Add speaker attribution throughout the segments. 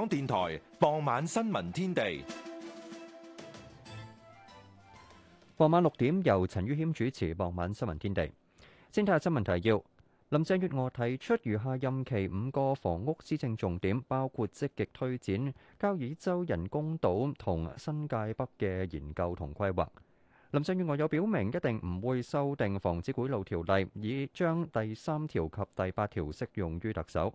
Speaker 1: 港電台傍晚新聞天地，
Speaker 2: 傍晚六點由陳宇謙主持。傍晚新聞天地，先睇下新聞提要。林鄭月娥提出餘下任期五個房屋施政重點，包括積極推展交椅洲人工島同新界北嘅研究同規劃。林鄭月娥有表明，一定唔會修訂《防止賄賂條例》，以將第三條及第八條適用於特首。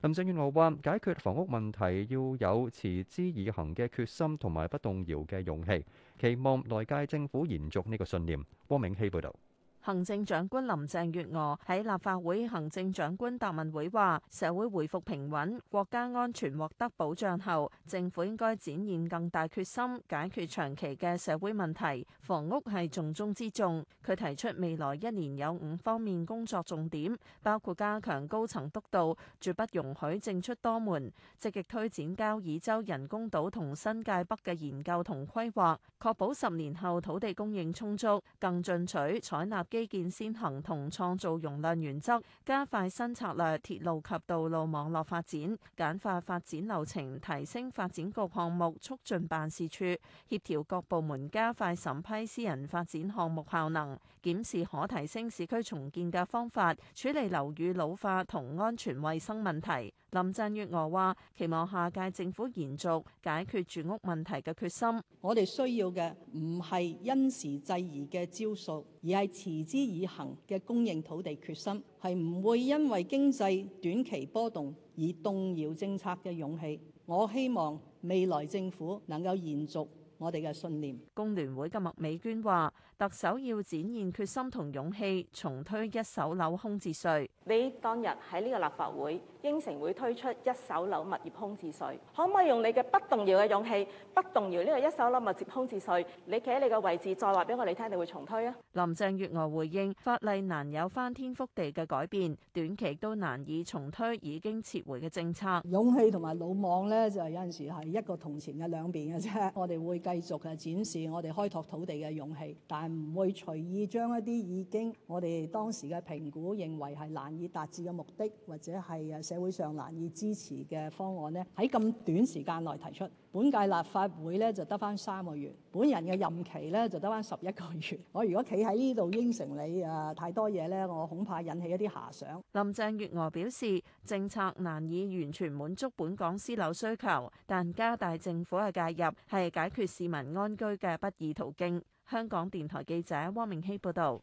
Speaker 2: 林鄭月娥話：解決房屋問題要有持之以恒嘅決心同埋不動搖嘅勇氣，期望內屆政府延續呢個信念。汪明希報導。
Speaker 3: 行政長官林鄭月娥喺立法會行政長官答問會話：社會回復平穩，國家安全獲得保障後，政府應該展現更大決心，解決長期嘅社會問題。房屋係重中之重。佢提出未來一年有五方面工作重點，包括加強高層督導，絕不容許政出多門；積極推展交椅洲人工島同新界北嘅研究同規劃，確保十年後土地供應充足，更進取採納基建先行同創造容量原則，加快新策略鐵路及道路網絡發展，簡化發展流程，提升發展局項目促進辦事處，協調各部門，加快審批私人發展項目效能，檢視可提升市區重建嘅方法，處理樓宇老化同安全衛生問題。林鄭月娥話：期望下屆政府延續解決住屋
Speaker 4: 問題嘅決心。人人我哋需要嘅唔係因時制宜嘅招數，而係持之以恒嘅供應土地決心，係唔會因為經濟短期波動而動搖政策嘅勇氣。我希望未來政府能夠延續。我哋嘅信念。工聯會嘅麥美娟話：特首要展
Speaker 3: 現決心同勇氣，重推一手樓空置稅。你當日喺呢個立法
Speaker 5: 會應承會推出一手樓物業空置稅，可唔可以用你嘅不動搖嘅勇氣，不動搖呢個一手樓物業空置稅？你企喺你個位置，再話俾我哋聽，你會重推啊？
Speaker 3: 林鄭月娥回應：法例難有翻天覆地嘅改變，短期都難以重
Speaker 4: 推已經撤回嘅政策。勇氣同埋魯莽呢，就係有陣時係一個銅錢嘅兩邊嘅啫。我哋會繼續嘅展示我哋開拓土地嘅勇氣，但係唔會隨意將一啲已經我哋當時嘅評估認為係難以達至嘅目的，或者係社會上難以支持嘅方案呢，喺咁短時間內提出。本屆立法會咧就得返三個月，本人嘅任期咧就得返十一個月。我如果企喺呢度應承你啊，太多嘢咧，我恐怕引起一啲遐想。林鄭月娥表示，
Speaker 3: 政策難以完全滿足本港私樓需求，但加大政府嘅介入係解決市民安居嘅不二途徑。香港電台記者汪明熙報
Speaker 2: 道。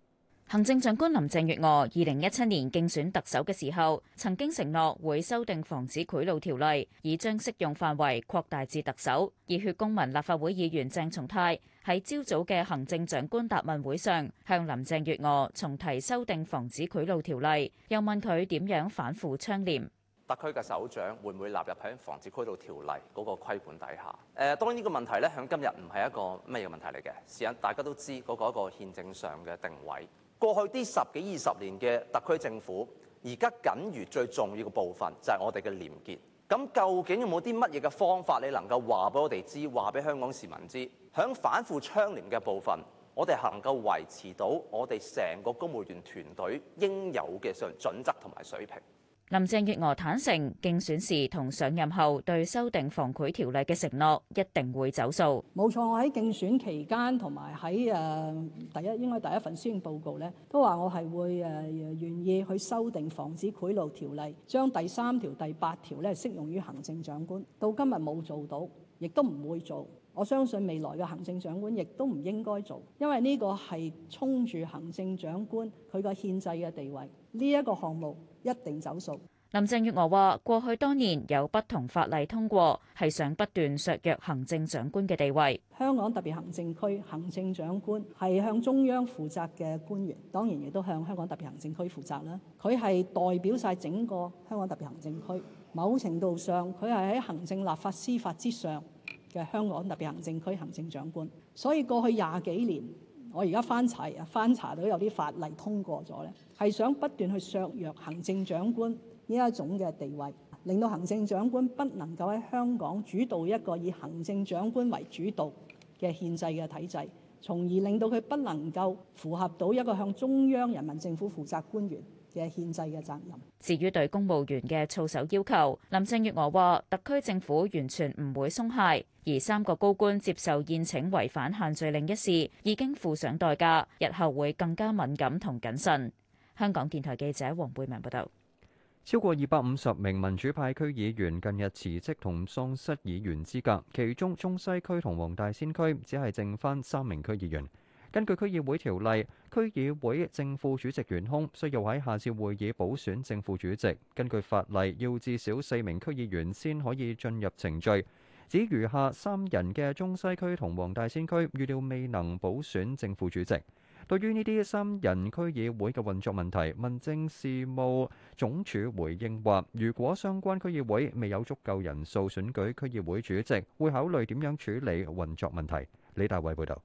Speaker 6: 行政長官林鄭月娥二零一七年競選特首嘅時候，曾經承諾會修訂防止賄賂條例，以將適用範圍擴大至特首。熱血公民立法會議員鄭松泰喺朝早嘅行政長官答問會上向林鄭月娥重提修訂防止賄賂條例，又問佢點樣反腐倡廉。
Speaker 1: 特區嘅首長會唔會納入喺防止賄賂條例嗰個規管底下？誒，當然
Speaker 2: 呢個問題咧喺今日唔係一個咩嘢問題嚟嘅，事實大家都知嗰個一個憲政上嘅定位。過去啲十幾二十年嘅特區政府，而家僅餘最重要嘅部分就係我哋嘅廉潔。咁究竟有冇啲乜嘢嘅方法，你能夠話俾我哋知，話俾香港市民知，響反腐倡廉嘅部分，我哋能夠維持到我哋成個公務員團隊應有嘅上準則同埋水平？
Speaker 6: 林鄭月娥坦承，競選時同上任後對修訂防賄條例嘅承諾一定會走數。
Speaker 4: 冇錯，我喺競選期間同埋喺誒第一應該第一份施政報告咧，都話我係會誒願意去修訂防止賄賂條例，將第三條第八條咧適用於行政長官。到今日冇做到，亦都唔會做。我相信未來嘅行政長官亦都唔應該做，因為呢個係衝住行政長官佢個憲制嘅地位呢一個項目。一定走數。
Speaker 6: 林鄭月娥話：過去多年有不同法例通過，係想不斷削弱行政長官嘅地位。
Speaker 4: 香港特別行政區行政長官係向中央負責嘅官員，當然亦都向香港特別行政區負責啦。佢係代表晒整個香港特別行政區，某程度上佢係喺行政、立法、司法之上嘅香港特別行政區行政長官。所以過去廿幾年，我而家翻查，翻查到有啲法例通過咗咧，係想不斷去削弱行政長官呢一種嘅地位，令到行政長官不能夠喺香港主導一個以行政長官為主導嘅憲制嘅體制，從而令到佢不能夠符合到一個向中央人民政府負責官員。嘅限制嘅責
Speaker 6: 任。至於對公務員嘅操守要求，林鄭月娥話：特區政府完全唔會鬆懈。而三個高官接受宴請違反限聚令一事，已經付上代價，日後會更加敏感同謹慎。香港電台記者黃貝明報道。
Speaker 2: 超過二百五十名民主派區議員近日辭職同喪失議員資格，其中中西區同黃大仙區只係剩翻三名區議員。根據區議會條例，區議會正副主席懸空，需要喺下次會議補選正副主席。根據法例，要至少四名區議員先可以進入程序。只餘下三人嘅中西區同黃大仙區預料未能補選正副主席。對於呢啲三人區議會嘅運作問題，民政事務總署回應話：如果相關區議會未有足夠人數選舉區議會主席，會考慮點樣處理運作問題。李大偉報導。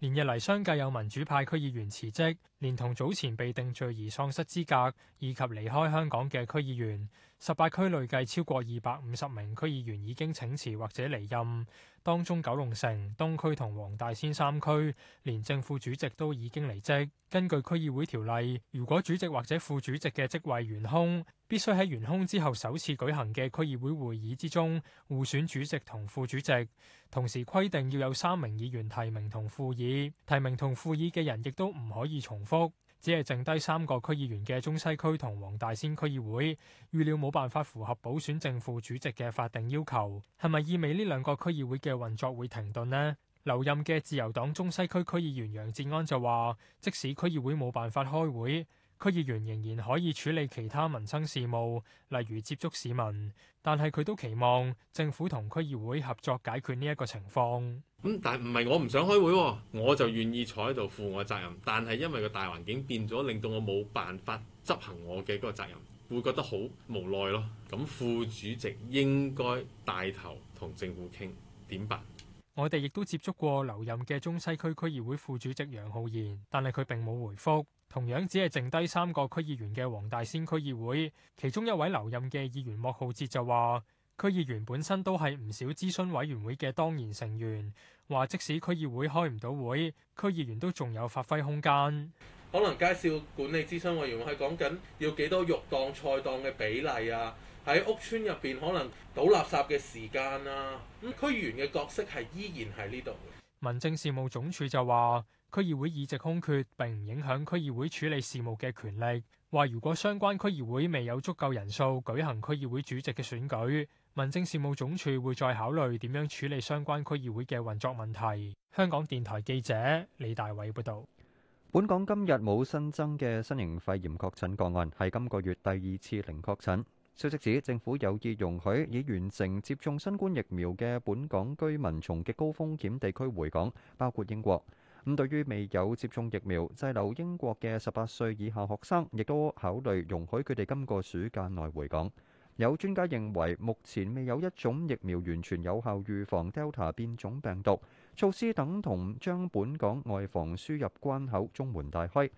Speaker 1: 連日嚟，相繼有民主派區議員辭職，連同早前被定罪而喪失資格，以及離開香港嘅區議員。十八區累計超過二百五十名區議員已經請辭或者離任，當中九龍城、東區同黃大仙三區連正副主席都已經離職。根據區議會條例，如果主席或者副主席嘅職位懸空，必須喺懸空之後首次舉行嘅區議會會議之中互選主席同副主席，同時規定要有三名議員提名同副議，提名同副議嘅人亦都唔可以重複。只係剩低三個區議員嘅中西區同黃大仙區議會預料冇辦法符合補選正副主席嘅法定要求，係咪意味呢兩個區議會嘅運作會停頓呢？留任嘅自由黨中西區區議員楊志安就話：即使區議會冇辦法開會，區議員仍然可以處理其他民生事務，例如接觸市民，但係佢都期望政府同區議會合作解決呢一個情況，嗯。但唔係我唔想開會，哦，我就願意坐喺度負我責任，但係因為個大環境變咗，令到我冇辦法執行我嘅嗰個責任，會覺得好無奈咯。咁副主席應該帶頭同政府傾，點辦？我哋亦都接觸過留任嘅中西區區議會副主席楊浩然，但係佢並冇回覆。同樣只係剩低三個區議員嘅黃大仙區議會，其中一位留任嘅議員莫浩哲就話：區議員本身都係唔少諮詢委員會嘅當然成員，話即使區議會開唔到會，區議員都仲有發揮空間。
Speaker 7: 可能介紹管理諮詢委員會係講緊要幾多肉檔菜檔嘅比例啊，喺屋村入邊可能倒垃圾嘅時間啊。咁區議員嘅角色係
Speaker 2: 依然喺呢度。
Speaker 1: 民政事務總署就話。區議會議席空缺並唔影響區議會處理事務嘅權力。話如果相關區議會未有足夠人數舉行區議會主席嘅選舉，民政事務總署會再考慮點樣處理相關區議會嘅運作問題。香港電台記者李大偉報導。
Speaker 2: 本港今日冇新增嘅新型肺炎確診個案，係今個月第二次零確診。消息指政府有意容許已完成接種新冠疫苗嘅本港居民從極高風險地區回港，包括英國。咁對於未有接種疫苗、滯留英國嘅十八歲以下學生，亦都考慮容許佢哋今個暑假內回港。有專家認為，目前未有一種疫苗完全有效預防 Delta 變種病毒，措施等同將本港外防輸入關口中門大開。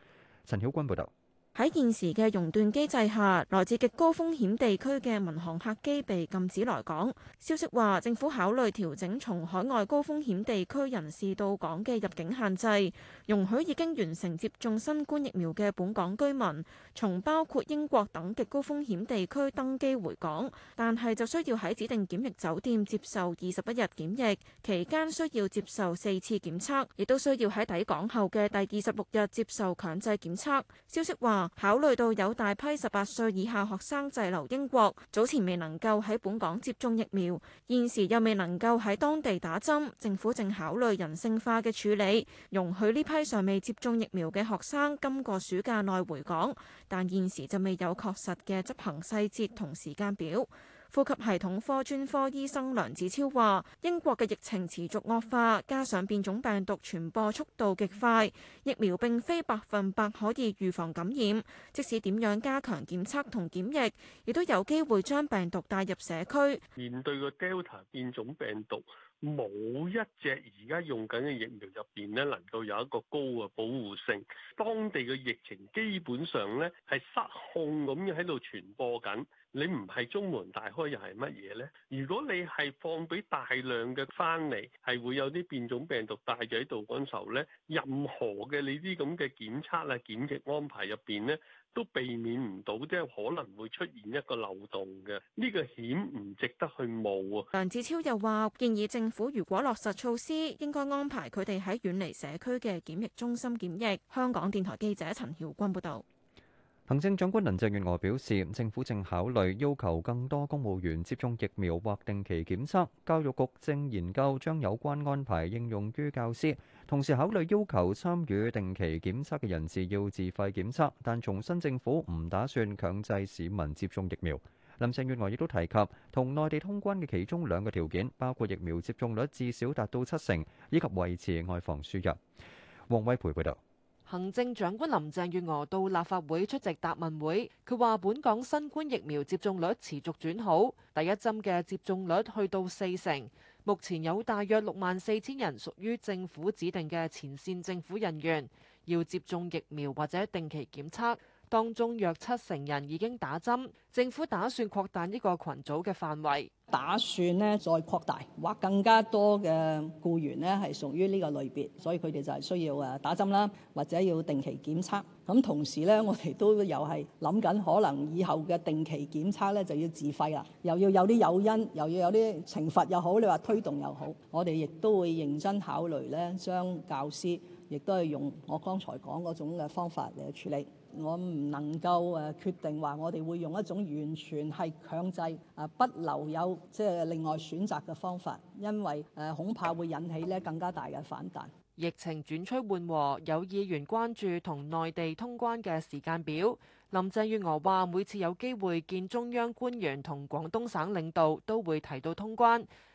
Speaker 2: 陳曉君報道。
Speaker 8: 喺現時嘅熔斷機制下，來自極高風險地區嘅民航客機被禁止來港。消息話，政府考慮調整從海外高風險地區人士到港嘅入境限制，容許已經完成接種新冠疫苗嘅本港居民從包括英國等極高風險地區登機回港，但係就需要喺指定檢疫酒店接受二十一日檢疫，期間需要接受四次檢測，亦都需要喺抵港後嘅第二十六日接受強制檢測。消息話，考慮到有大批十八歲以下學生滯留英國，早前未能夠喺本港接種疫苗，現時又未能夠喺當地打針，政府正考慮人性化嘅處理，容許呢批尚未接種疫苗嘅學生今個暑假內回港，但現時就未有確實嘅執行細節同時間表。呼吸系統科專科醫生梁子超話：英國嘅疫情持續惡化，加上變種病毒傳播速度極快，疫苗並非百分百可以預防感染。即使點樣加強檢測同檢疫，亦都有機會將病毒帶入社區。
Speaker 1: 面對個 Delta 變種病毒。冇一隻而家用緊嘅疫苗入邊咧，能夠有一個高嘅保護性。當地嘅疫情基本上咧係失控咁樣喺度傳播緊，你唔係中門大開又係乜嘢咧？如果你係放俾大量嘅翻嚟，係會有啲變種病毒帶住喺度。嗰陣時候咧，任何嘅你啲咁嘅檢測啊、檢疫安排入邊咧，都避免唔到，即係可能會出現一個漏洞嘅，呢個險唔值得去冒啊！
Speaker 8: 梁子超又話，建議政府如果落實措施，應該安排佢哋喺遠離社區嘅檢疫中心檢疫。香港電台記者陳曉君報道。
Speaker 2: 行政長官林鄭月娥表示，政府正考慮要求更多公務員接種疫苗或定期檢測。教育局正研究將有關安排應用於教師，同時考慮要求參與定期檢測嘅人士要自費檢測。但重申政府唔打算強制市民接種疫苗。林鄭月娥亦都提及，同內地通關嘅其中兩個條件包括疫苗接種率至少達到七成，以及維持外防輸入。王惠培報導。
Speaker 9: 行政長官林鄭月娥到立法會出席答問會，佢話：本港新冠疫苗接種率持續轉好，第一針嘅接種率去到四成，目前有大約六萬四千人屬於政府指定嘅前線政府人員要接種疫苗或者定期檢測，當中約七成人已經打針，政府打算擴大
Speaker 4: 呢個群組嘅範圍。打算咧再擴大，或更加多嘅雇員咧係屬於呢個類別，所以佢哋就係需要誒打針啦，或者要定期檢測。咁同時呢，我哋都又係諗緊，可能以後嘅定期檢測咧就要自費啦，又要有啲誘因，又要有啲懲罰又好，你話推動又好，我哋亦都會認真考慮咧，將教師亦都係用我剛才講嗰種嘅方法嚟處理。我唔能夠誒決定話我哋會用一種完全係強制啊，不留有。即係另外選擇嘅方法，因為誒恐怕會引起咧更加大嘅反彈。
Speaker 9: 疫情轉趨緩和，有議員關注同內地通關嘅時間表。林鄭月娥話，每次有機會見中央官員同廣東省領導，都會提到通關。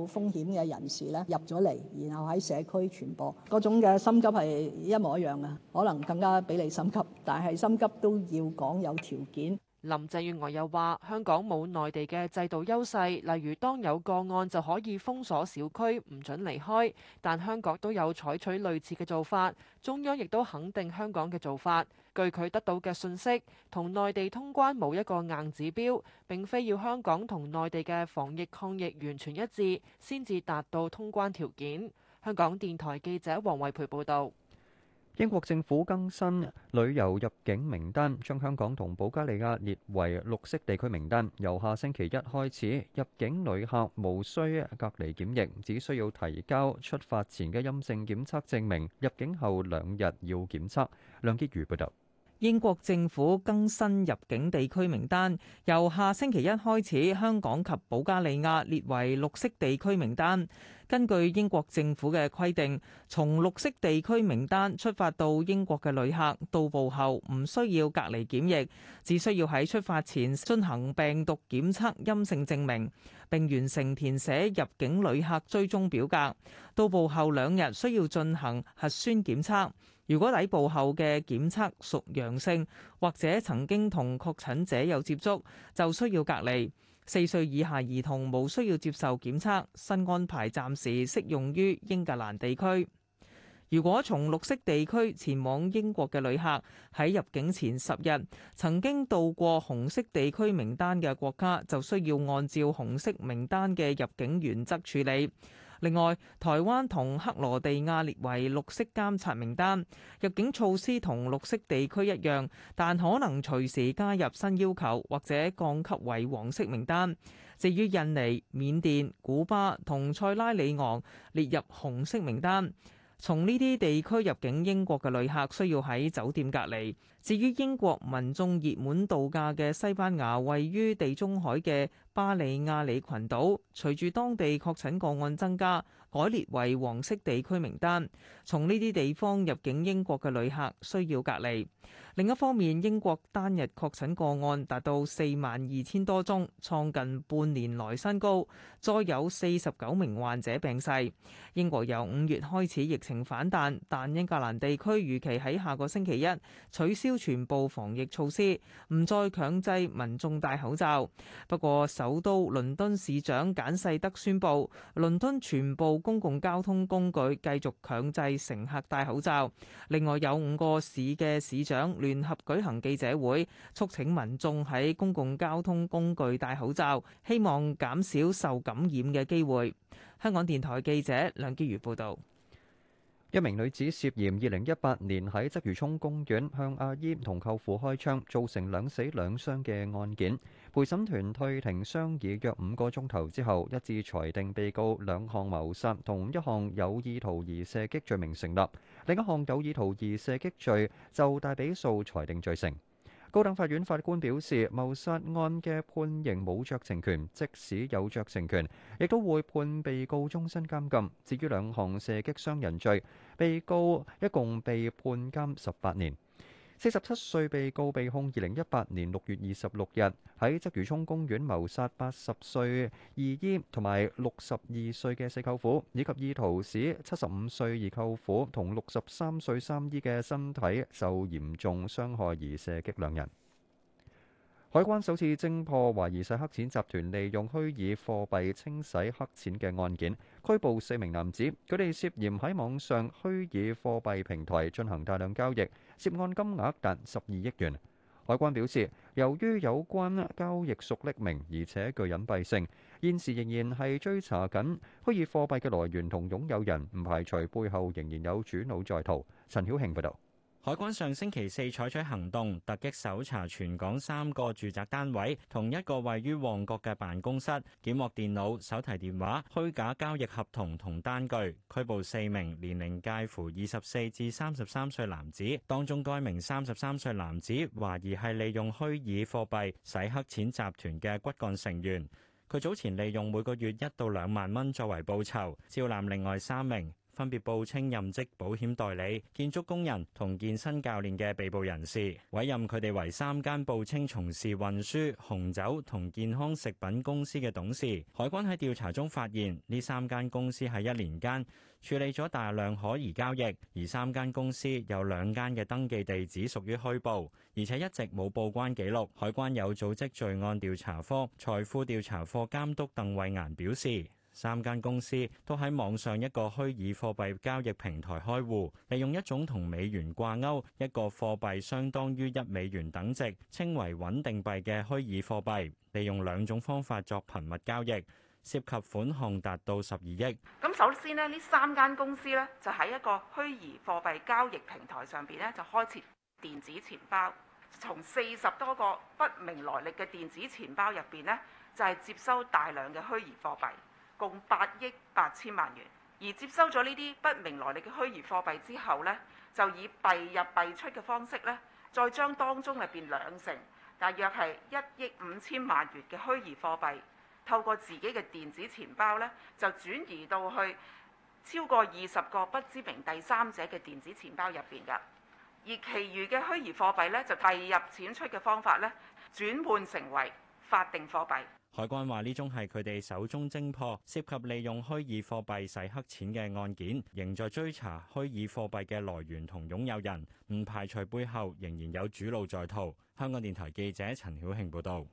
Speaker 4: 有風險嘅人士咧入咗嚟，然後喺社區傳播。嗰種嘅心急係一模一樣嘅，可能更加比你心急，但係心急都要講有條件。
Speaker 9: 林鄭月娥又話：香港冇內地嘅制度優勢，例如當有個案就可以封鎖小區，唔准離開。但香港都有採取類似嘅做法，中央亦都肯定香港嘅做法。據佢得到嘅信息，同內地通關冇一個硬指標，並非要香港同內地嘅防疫抗疫完全一致，先至達到通關條件。香港電台記者黃惠培報導。
Speaker 2: 英國政府更新旅遊入境名單，將香港同保加利亞列為綠色地區名單。由下星期一開始，入境旅客無需隔離檢疫，只需要提交出發前嘅陰性檢測證明。入境後兩日要檢測。梁傑如報導。英國政府更新入境地區名單，由下星期一開始，
Speaker 7: 香港及保加利亞列為綠色地區名單。根據英國政府嘅規定，從綠色地區名單出發到英國嘅旅客到埗後唔需要隔離檢疫，只需要喺出發前進行病毒檢測陰性證明，並完成填寫入境旅客追蹤表格。到埗後兩日需要進行核酸檢測，如果抵埗後嘅檢測屬陽性，或者曾經同確診者有接觸，就需要隔離。四歲以下兒童無需要接受檢測，新安排暫時適用於英格蘭地區。如果從綠色地區前往英國嘅旅客，喺入境前十日曾經到過紅色地區名單嘅國家，就需要按照紅色名單嘅入境原則處理。另外，台灣同克羅地亞列為綠色監察名單，入境措施同綠色地區一樣，但可能隨時加入新要求或者降級為黃色名單。至於印尼、緬甸、古巴同塞拉利昂列入紅色名單。從呢啲地區入境英國嘅旅客需要喺酒店隔離。至於英國民眾熱門度假嘅西班牙位於地中海嘅巴利亞里群島，隨住當地確診個案增加，改列為黃色地區名單。從呢啲地方入境英國嘅旅客需要隔離。另一方面，英國單日確診個案達到四萬二千多宗，創近半年來新高，再有四十九名患者病逝。英國由五月開始疫情反彈，但英格蘭地區預期喺下個星期一取消全部防疫措施，唔再強制民眾戴口罩。不過，首都倫敦市長簡世德宣佈，倫敦全部公共交通工具繼續強制乘客戴口罩。另外，有五個市嘅市長聯合舉行記者會，促請民眾喺公共交通工具戴口罩，希望減少受感染嘅機會。香港電台記者梁堅如報導。
Speaker 2: 一名女子涉嫌二零一八年喺鰂魚涌公園向阿姨同舅父開槍，造成兩死兩傷嘅案件，陪審團退庭商議約五個鐘頭之後，一致裁定被告兩項謀殺同一項有意圖而射擊罪名成立，另一項有意圖而射擊罪就大比數裁定罪成。高等法院法官表示，謀殺案嘅判刑冇酌情權，即使有酌情權，亦都會判被告終身監禁。至於兩項射擊傷人罪，被告一共被判監十八年。四十七歲被告被控，二零一八年六月二十六日喺鰂魚涌公園謀殺八十歲二姨同埋六十二歲嘅四舅父，以及意圖使七十五歲二舅父同六十三歲三姨嘅身體受嚴重傷害而射擊兩人。海關首次偵破懷疑洗黑錢集團利用虛擬貨幣清洗黑錢嘅案件，拘捕四名男子，佢哋涉嫌喺網上虛擬貨幣平台進行大量交易。涉案金額達十二億元。海關表示，由於有關交易屬匿名而且具隱蔽性，現時仍然係追查緊虛擬貨幣嘅來源同擁有人，唔排除背後仍然有主腦在逃。陳曉慶報道。
Speaker 10: 海關上星期四採取行動，突擊搜查全港三個住宅單位同一個位於旺角嘅辦公室，檢獲電腦、手提電話、虛假交易合同同單據，拘捕四名年齡介乎二十四至三十三歲男子，當中該名三十三歲男子懷疑係利用虛擬貨幣洗黑錢集團嘅骨幹成員，佢早前利用每個月一到兩萬蚊作為報酬，招攬另外三名分別報稱任職保險代理、建築工人同健身教練嘅被捕人士，委任佢哋為三間報稱從事運輸、紅酒同健康食品公司嘅董事。海關喺調查中發現，呢三間公司喺一年間處理咗大量可疑交易，而三間公司有兩間嘅登記地址屬於虛報，而且一直冇報關記錄。海關有組織罪案調查科、財富調查科監督鄧慧顏表示。三間公司都喺網上一個虛擬貨幣交易平台開戶，利用一種同美元掛鈎，一個貨幣相當於一美元等值，稱為穩定幣嘅虛擬貨幣，利用兩種方法作頻密交易，涉及款項達到十二億。
Speaker 8: 咁首先呢，呢三間公司咧就喺一個虛擬貨幣交易平台上邊咧就開設電子錢包，從四十多個不明來歷嘅電子錢包入邊呢就係接收大量嘅虛擬貨幣。共八億八千萬元，而接收咗呢啲不明來歷嘅虛擬貨幣之後呢，就以幣入幣出嘅方式呢，再將當中入邊兩成，大約係一億五千萬元嘅虛擬貨幣，透過自己嘅電子錢包呢，就轉移到去超過二十個不知名第三者嘅電子錢包入邊嘅，而其餘嘅虛擬貨幣呢，就幣入錢出嘅方法呢，轉換成為法定貨幣。
Speaker 10: 海關話呢宗係佢哋手中偵破涉及利用虛擬貨幣洗黑錢嘅案件，仍在追查虛擬貨幣嘅來源同擁有人，唔排除背後仍然有主路在逃。香港電台記者陳曉慶報道。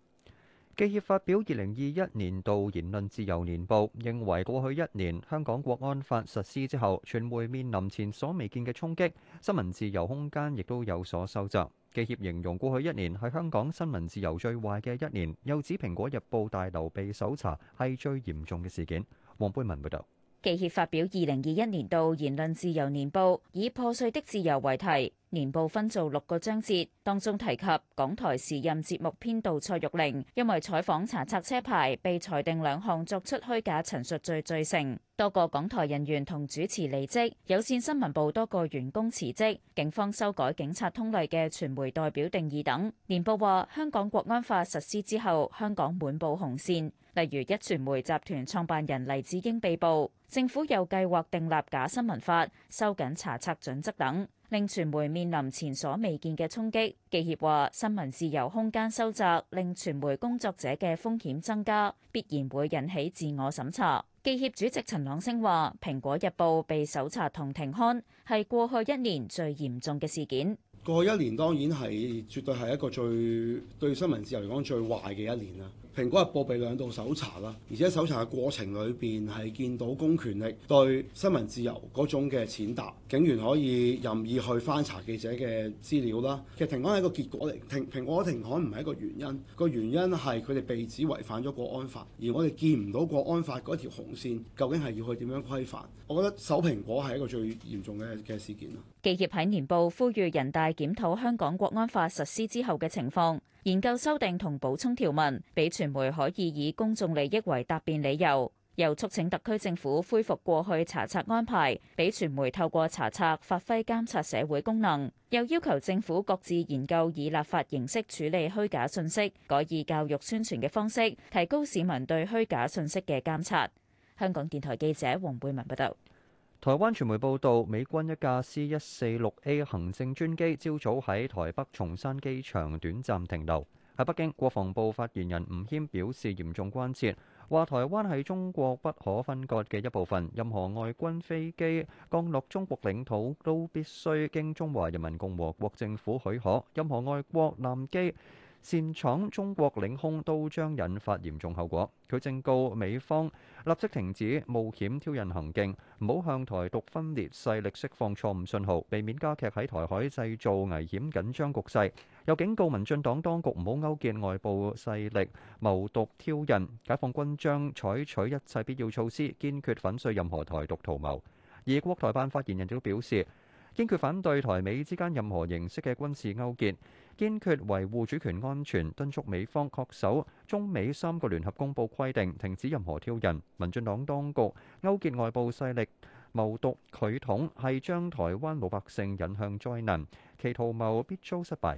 Speaker 2: 記協發表二零二一年度言論自由年報，認為過去一年香港國安法實施之後，傳媒面臨前所未見嘅衝擊，新聞自由空間亦都有所收窄。記協形容過去一年係香港新聞自由最壞嘅一年，又指《蘋果日報》大樓被搜查係最嚴重嘅事件。黃貝文報道。
Speaker 6: 記協發表二零二一年度言論自由年報，以破碎的自由為題。年報分做六個章節，當中提及港台時任節目編導蔡玉玲因為採訪查冊車牌被裁定兩項作出虛假陳述罪罪罪成，多個港台人員同主持離職，有線新聞部多個員工辭職，警方修改警察通例嘅傳媒代表定義等。年報話，香港國安法實施之後，香港滿布紅線，例如一傳媒集團創辦人黎智英被捕，政府又計劃訂立假新聞法，收緊查冊準則等。令傳媒面臨前所未見嘅衝擊。記協話新聞自由空間收窄，令傳媒工作者嘅風險增加，必然會引起自我審查。記協主席陳朗昇話，蘋果日報被搜查同停刊，係過去一年最嚴重嘅事件。
Speaker 1: 過去一年當然係絕對係一個最對新聞自由嚟講最壞嘅一年啦。蘋果日報被兩度搜查啦，而且搜查嘅過程裏邊係見到公權力對新聞自由嗰種嘅踐踏，警員可以任意去翻查記者嘅資料啦。其實停刊係一個結果嚟，蘋蘋果停刊唔係一個原因，個原因係佢哋被指違反咗國安法，而我哋見唔到國安法嗰條紅線究竟係要去點樣規範。我覺得搜蘋果係一個最嚴重嘅嘅事件啦。
Speaker 6: 記協喺年報呼籲人大檢討香港國安法實施之後嘅情況。研究修訂同補充條文，俾傳媒可以以公眾利益為答辯理由；又促請特區政府恢復過去查冊安排，俾傳媒透過查冊發揮監察社會功能；又要求政府各自研究以立法形式處理虛假信息，改以教育宣傳嘅方式，提高市民對虛假信息嘅監察。香港電台記者黃貝文報道。台灣
Speaker 2: 傳媒報道，美軍一架 C 一四六 A 行政專機朝早喺台北松山機場短暫停留。喺北京，國防部發言人吳謙表示嚴重關切，話台灣係中國不可分割嘅一部分，任何外軍飛機降落中國領土都必須經中華人民共和國政府許可，任何外國艦機。擅闖中國領空都將引發嚴重後果，佢正告美方立即停止冒險挑釁行徑，唔好向台獨分裂勢力釋放錯誤信號，避免加劇喺台海製造危險緊張局勢。又警告民進黨當局唔好勾結外部勢力謀獨挑釁，解放軍將採取一切必要措施，堅決粉碎任何台獨圖謀。而國台辦發言人亦都表示，堅決反對台美之間任何形式嘅軍事勾結，堅決維護主權安全，敦促美方恪守中美三個聯合公布規定，停止任何挑釁，民進黨當局勾結外部勢力，謀獨拒統，係將台灣老百姓引向災難，其圖謀必遭失敗。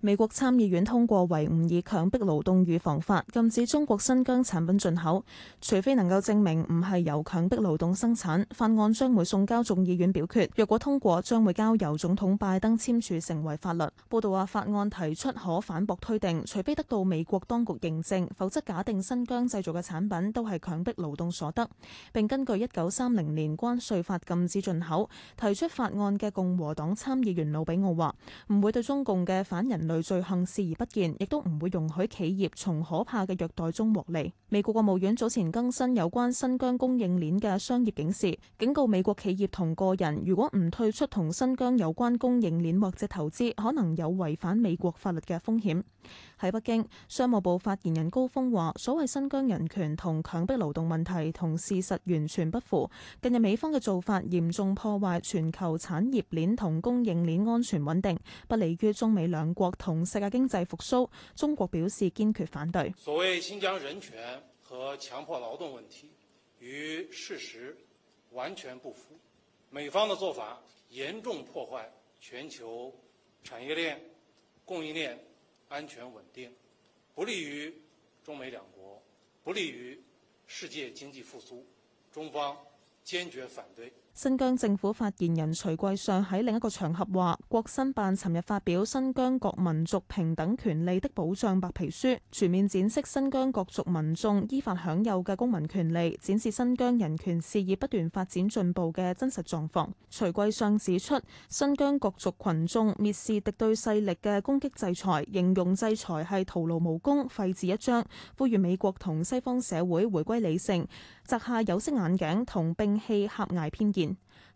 Speaker 5: 美國參議院通過維吾爾強迫勞動預防法，禁止中國新疆產品進口，除非能夠證明唔係由強迫勞動生產。法案將會送交眾議院表決，若果通過，將會交由總統拜登簽署成為法律。報道話，法案提出可反駁推定，除非得到美國當局認證，否則假定新疆製造嘅產品都係強迫勞動所得。並根據一九三零年關稅法禁止進口。提出法案嘅共和黨參議員魯比奧話：唔會對中共嘅反人類罪行視而不見，亦都唔會容許企業從可怕嘅虐待中獲利。美國國務院早前更新有關新疆供應鏈嘅商業警示，警告美國企業同個人，如果唔退出同新疆有關供應鏈或者投資，可能有違反美國法律嘅風險。喺北京，商務部發言人高峰話，所謂新疆人權同強迫勞動問題同事實完全不符。近日美方嘅做法嚴重破壞全球產業鏈同供應鏈安全穩定，不利於中美兩國同世界經濟復甦。中國表示堅決反對。
Speaker 1: 所謂新疆人權和強迫勞動問題與事實完全不符，美方嘅做法嚴重破壞全球產業鏈、供應鏈。安全穩定，不利於中美兩國，不利於世界經濟復甦，中方堅決反對。
Speaker 5: 新疆政府發言人徐桂上喺另一個場合話，國新辦尋日發表《新疆各民族平等權利的保障白皮書》，全面展示新疆各族民眾依法享有嘅公民權利，展示新疆人權事業不斷發展進步嘅真實狀況。徐桂上指出，新疆各族群眾蔑視敵對勢力嘅攻擊制裁，形容制裁係徒勞無功、廢紙一張，呼籲美國同西方社會回歸理性，摘下有色眼鏡同摒棄狹隘偏見。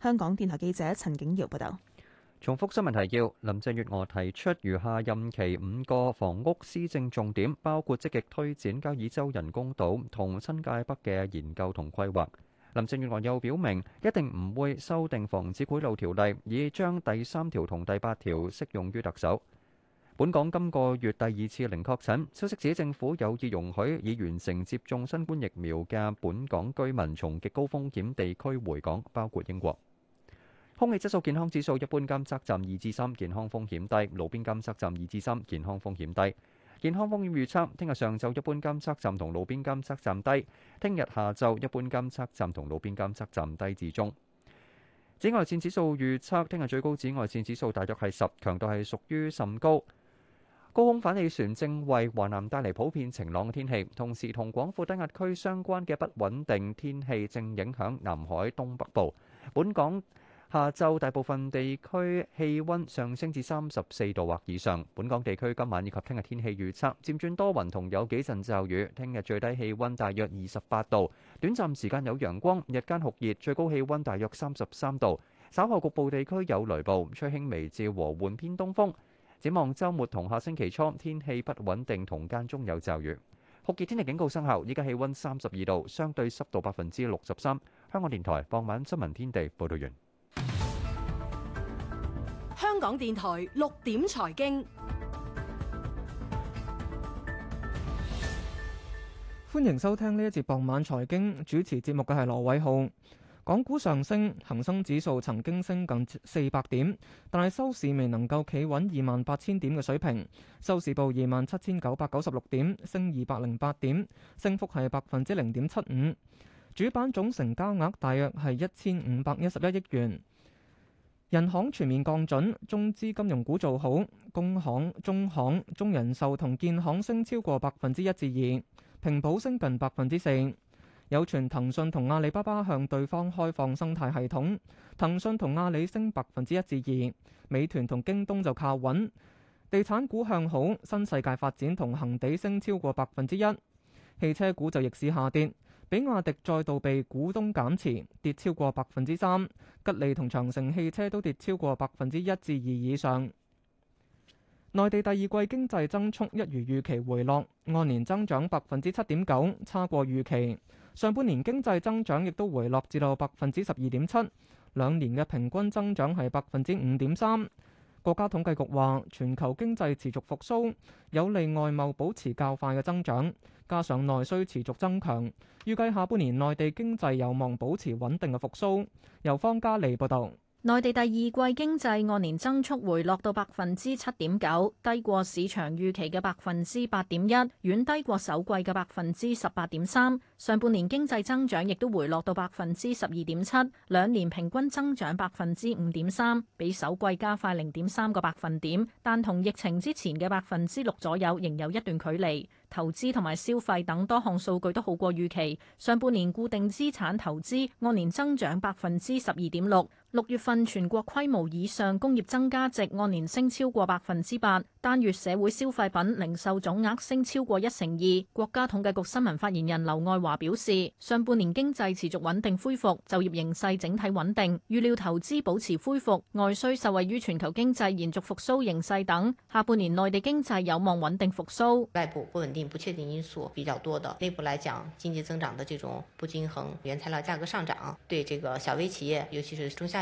Speaker 5: 香港電台記者陳景堯報道。
Speaker 2: 重複新聞提要：林鄭月娥提出餘下任期五個房屋施政重點，包括積極推展交椅洲人工島同新界北嘅研究同規劃。林鄭月娥又表明，一定唔會修訂《防止賄賂條例》，以將第三條同第八條適用於特首。本港今個月第二次零確診，消息指政府有意容許已完成接種新冠疫苗嘅本港居民從極高風險地區回港，包括英國。空氣質素健康指數一般監測站二至三，健康風險低；路邊監測站二至三，健康風險低。健康風險預測：聽日上晝一般監測站同路邊監測站低；聽日下晝一般監測站同路邊監測站低至中。紫外線指數預測：聽日最高紫外線指數大約係十，強度係屬於甚高。高空反氣旋正為華南帶嚟普遍晴朗嘅天氣，同時同廣闊低壓區相關嘅不穩定天氣正影響南海東北部，本港。下晝大部分地區氣温上升至三十四度或以上。本港地區今晚以及聽日天氣預測漸轉多雲同有幾陣驟雨。聽日最低氣温大約二十八度，短暫時間有陽光，日間酷熱，最高氣温大約三十三度。稍後局部地區有雷暴，吹輕微至和緩偏東風，展望周末同下星期初天氣不穩定，同間中有驟雨。酷熱天氣警告生效。依家氣温三十二度，相對濕度百分之六十三。香港電台傍晚新聞天地報道完。
Speaker 4: 香港電台六點財經，
Speaker 11: 歡迎收聽呢一節傍晚財經，主持節目嘅係羅偉浩。港股上升，恒生指數曾經升近四百點，但係收市未能夠企穩二萬八千點嘅水平。收市報二萬七千九百九十六點，升二百零八點，升幅係百分之零點七五。主板總成交額大約係一千五百一十一億元。人行全面降準，中資金融股做好，工行、中行、中人壽同建行升超過百分之一至二，平保升近百分之四。有傳騰訊同阿里巴巴向對方開放生態系統，騰訊同阿里升百分之一至二，美團同京東就靠穩。地產股向好，新世界發展同恆地升超過百分之一，汽車股就逆市下跌。比亞迪再度被股東減持，跌超過百分之三；吉利同長城汽車都跌超過百分之一至二以上。內地第二季經濟增速一如預期回落，按年增長百分之七點九，差過預期。上半年經濟增長亦都回落至到百分之十二點七，兩年嘅平均增長係百分之五點三。國家統計局話，全球經濟持續復甦，有利外貿保持較快嘅增長，加上內需持續增強，預計下半年內地經濟有望保持穩定嘅復甦。由方嘉利報導。
Speaker 12: 內地第二季經濟按年增速回落到百分之七點九，低過市場預期嘅百分之八點一，遠低過首季嘅百分之十八點三。上半年經濟增長亦都回落到百分之十二點七，兩年平均增長百分之五點三，比首季加快零點三個百分點，但同疫情之前嘅百分之六左右仍有一段距離。投資同埋消費等多項數據都好過預期。上半年固定資產投資按年增長百分之十二點六。六月份全國規模以上工業增加值按年升超過百分之八，單月社會消費品零售總額升超過一成二。國家統計局新聞發言人劉愛華表示，上半年經濟持續穩定恢復，就業形勢整體穩定，預料投資保持恢復，外需受惠於全球經濟延續復甦形勢等，下半年內地經濟有望穩定復甦。外部不穩定、不確定因素比較多的，內部來講，經濟增長的這種不均衡，原材料價格上漲，對這個小微企業，尤其是中下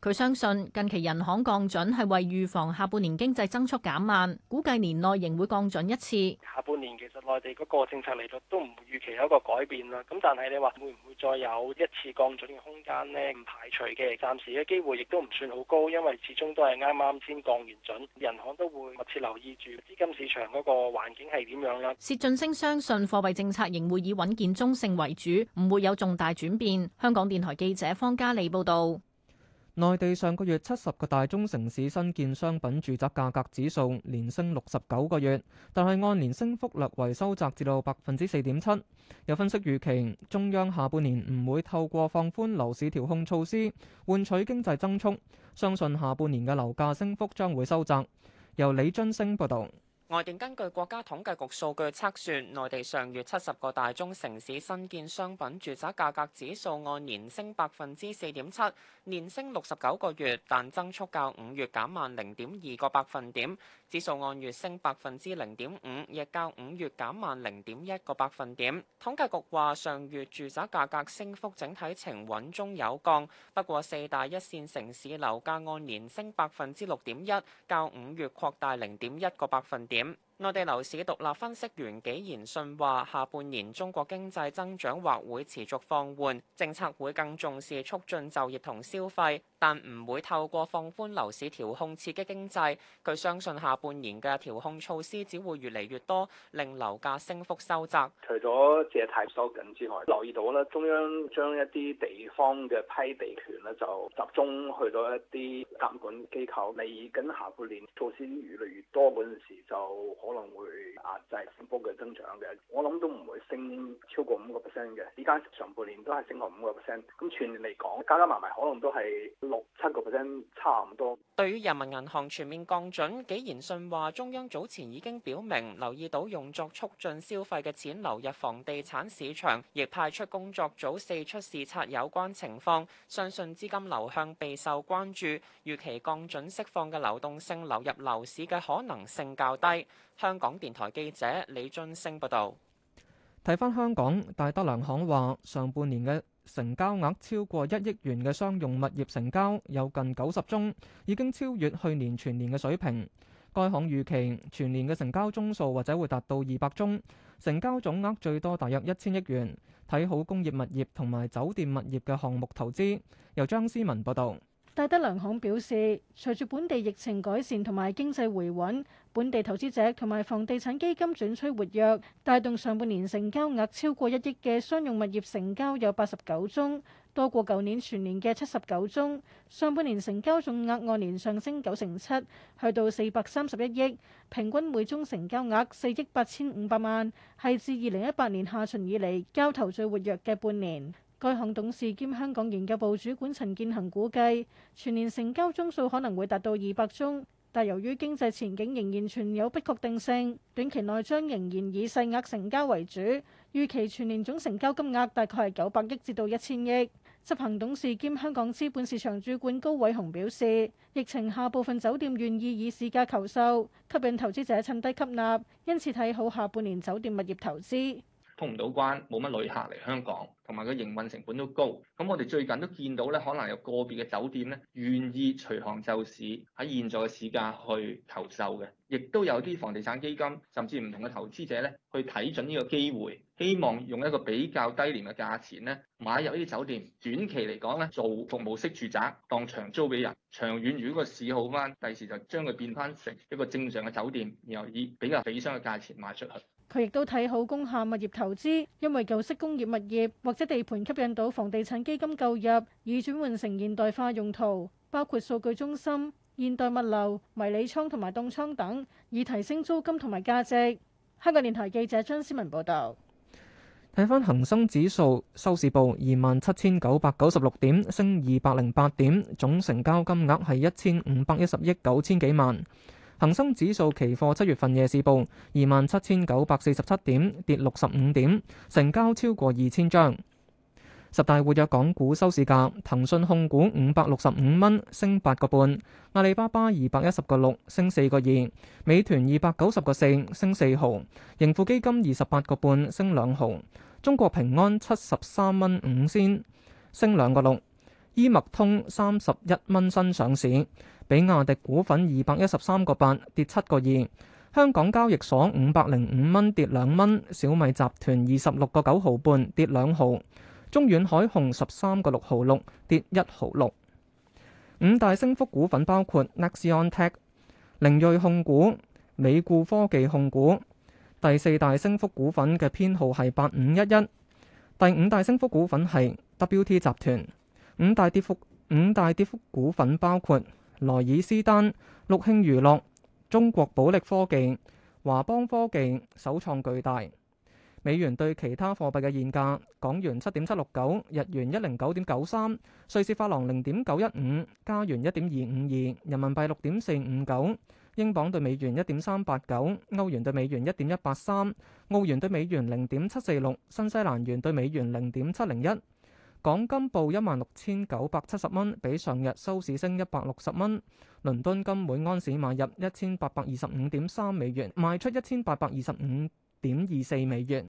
Speaker 12: 佢相信近期人行降準係為預防下半年經濟增速減慢，估計年內仍會降準一次。
Speaker 1: 下半年其實內地嗰個政策利率都唔預期有一個改變啦。咁但係你話會唔會再有一次降準嘅空間咧？唔排除嘅，暫時嘅機會亦都唔算好高，因為始終都係啱啱先降完準，人行都會密切留意住資金市場嗰個環境係點樣啦。
Speaker 12: 薛俊升相信貨幣政策仍會以穩健中性為主，唔會有重大轉變。香港電台記者方嘉莉報道。
Speaker 11: 內地上個月七十個大中城市新建商品住宅價格指數連升六十九個月，但係按年升幅略為收窄至到百分之四點七。有分析預期中央下半年唔會透過放寬樓市調控措施換取經濟增速，相信下半年嘅樓價升幅將會收窄。由李津升報導。
Speaker 13: 外電根據國家統計局數據測算，內地上月七十個大中城市新建商品住宅價格指數按年升百分之四點七，年升六十九個月，但增速較五月減慢零點二個百分點。指數按月升百分之零點五，亦較五月減慢零點一個百分點。統計局話，上月住宅價格升幅整體呈穩中有降，不過四大一線城市樓價按年升百分之六點一，較五月擴大零點一個百分點。內地樓市獨立分析員紀賢信話，下半年中國經濟增長或會持續放緩，政策會更重視促進就業同消費，但唔會透過放寬樓市調控刺激經濟。佢相信下半年嘅調控措施只會越嚟越多，令樓價升幅收窄。
Speaker 1: 除咗借貸收緊之外，留意到咧，中央將一啲地方嘅批地權咧就集中去到一啲監管機構。嚟緊下半年措施越嚟越多嗰陣時就。可能會壓制升幅嘅增長嘅，我諗都唔會升超過五個 percent 嘅。依家上半年都係升過五個 percent，咁全年嚟講加加埋埋可能都係六七個 percent 差唔多。
Speaker 13: 對於人民銀行全面降準，紀賢信話：中央早前已經表明留意到用作促進消費嘅錢流入房地產市場，亦派出工作組四出視察有關情況。相信資金流向備受關注，預期降準釋放嘅流動性流入樓市嘅可能性較低。香港電台記者李俊升報道，
Speaker 11: 睇翻香港大德良行話，上半年嘅成交額超過一億元嘅商用物業成交有近九十宗，已經超越去年全年嘅水平。該行預期全年嘅成交宗數或者會達到二百宗，成交總額最多大約一千億元。睇好工業物業同埋酒店物業嘅項目投資，由張思文報道。
Speaker 14: 戴德梁行表示，隨住本地疫情改善同埋經濟回穩，本地投資者同埋房地產基金轉趨活躍，帶動上半年成交額超過一億嘅商用物業成交有八十九宗，多過舊年全年嘅七十九宗。上半年成交總額按年上升九成七，去到四百三十一億，平均每宗成交額四億八千五百萬係自二零一八年下旬以嚟交投最活躍嘅半年。該行董事兼香港研究部主管陳建恒估計，全年成交宗數可能會達到二百宗，但由於經濟前景仍然存有不確定性，短期內將仍然以細額成交為主。預期全年總成交金額大概係九百億至到一千億。執行董事兼香港資本市場主管高偉雄表示，疫情下部分酒店願意以市價求售，吸引投資者趁低吸納，因此睇好下半年酒店物業投資。
Speaker 11: 通唔到關，冇乜旅客嚟香港，同埋個營運成本都高。咁我哋最近都見到咧，可能有個別嘅酒店咧願意隨行就市喺現在嘅市價去投售嘅，亦都有啲房地產基金甚至唔同嘅投資者咧，去睇準呢個機會，希望用一個比較低廉嘅價錢咧買入呢啲酒店，短期嚟講咧做服務式住宅當長租俾人，長遠如果個市好返，第時就將佢變返成一個正常嘅酒店，然後以比較理想嘅價錢賣出去。
Speaker 14: 佢亦都睇好工廈物業投資，因為舊式工業物業或者地盤吸引到房地產基金購入，以轉換成現代化用途，包括數據中心、現代物流、迷你倉同埋凍倉等，以提升租金同埋價值。香港電台記者張思文報道。
Speaker 11: 睇翻恒生指數收市報二萬七千九百九十六點，升二百零八點，總成交金額係一千五百一十億九千幾萬。恒生指數期貨七月份夜市報二萬七千九百四十七點，跌六十五點，成交超過二千張。十大活躍港股收市價：騰訊控股五百六十五蚊，升八個半；阿里巴巴二百一十個六，升四個二；美團二百九十個四，升四毫；盈富基金二十八個半，升兩毫；中國平安七十三蚊五仙，升兩個六；醫脈通三十一蚊新上市。比亞迪股份二百一十三個八跌七個二，香港交易所五百零五蚊跌兩蚊，小米集團二十六個九毫半跌兩毫，中遠海虹十三個六毫六跌一毫六。五大升幅股份包括 Nextion Tech、凌睿控股、美固科技控股。第四大升幅股份嘅編號係八五一一，第五大升幅股份係 WT 集團。五大跌幅五大跌幅股份包括。萊爾斯丹、陸慶娛樂、中國寶力科技、華邦科技、首創巨大。美元對其他貨幣嘅現價：港元七點七六九，日元一零九點九三，瑞士法郎零點九一五，加元一點二五二，人民幣六點四五九，英鎊對美元一點三八九，歐元對美元一點一八三，澳元對美元零點七四六，新西蘭元對美元零點七零一。港金報一萬六千九百七十蚊，比上日收市升一百六十蚊。倫敦金每安士買入一千八百二十五點三美元，賣出一千八百二十五點二四美元。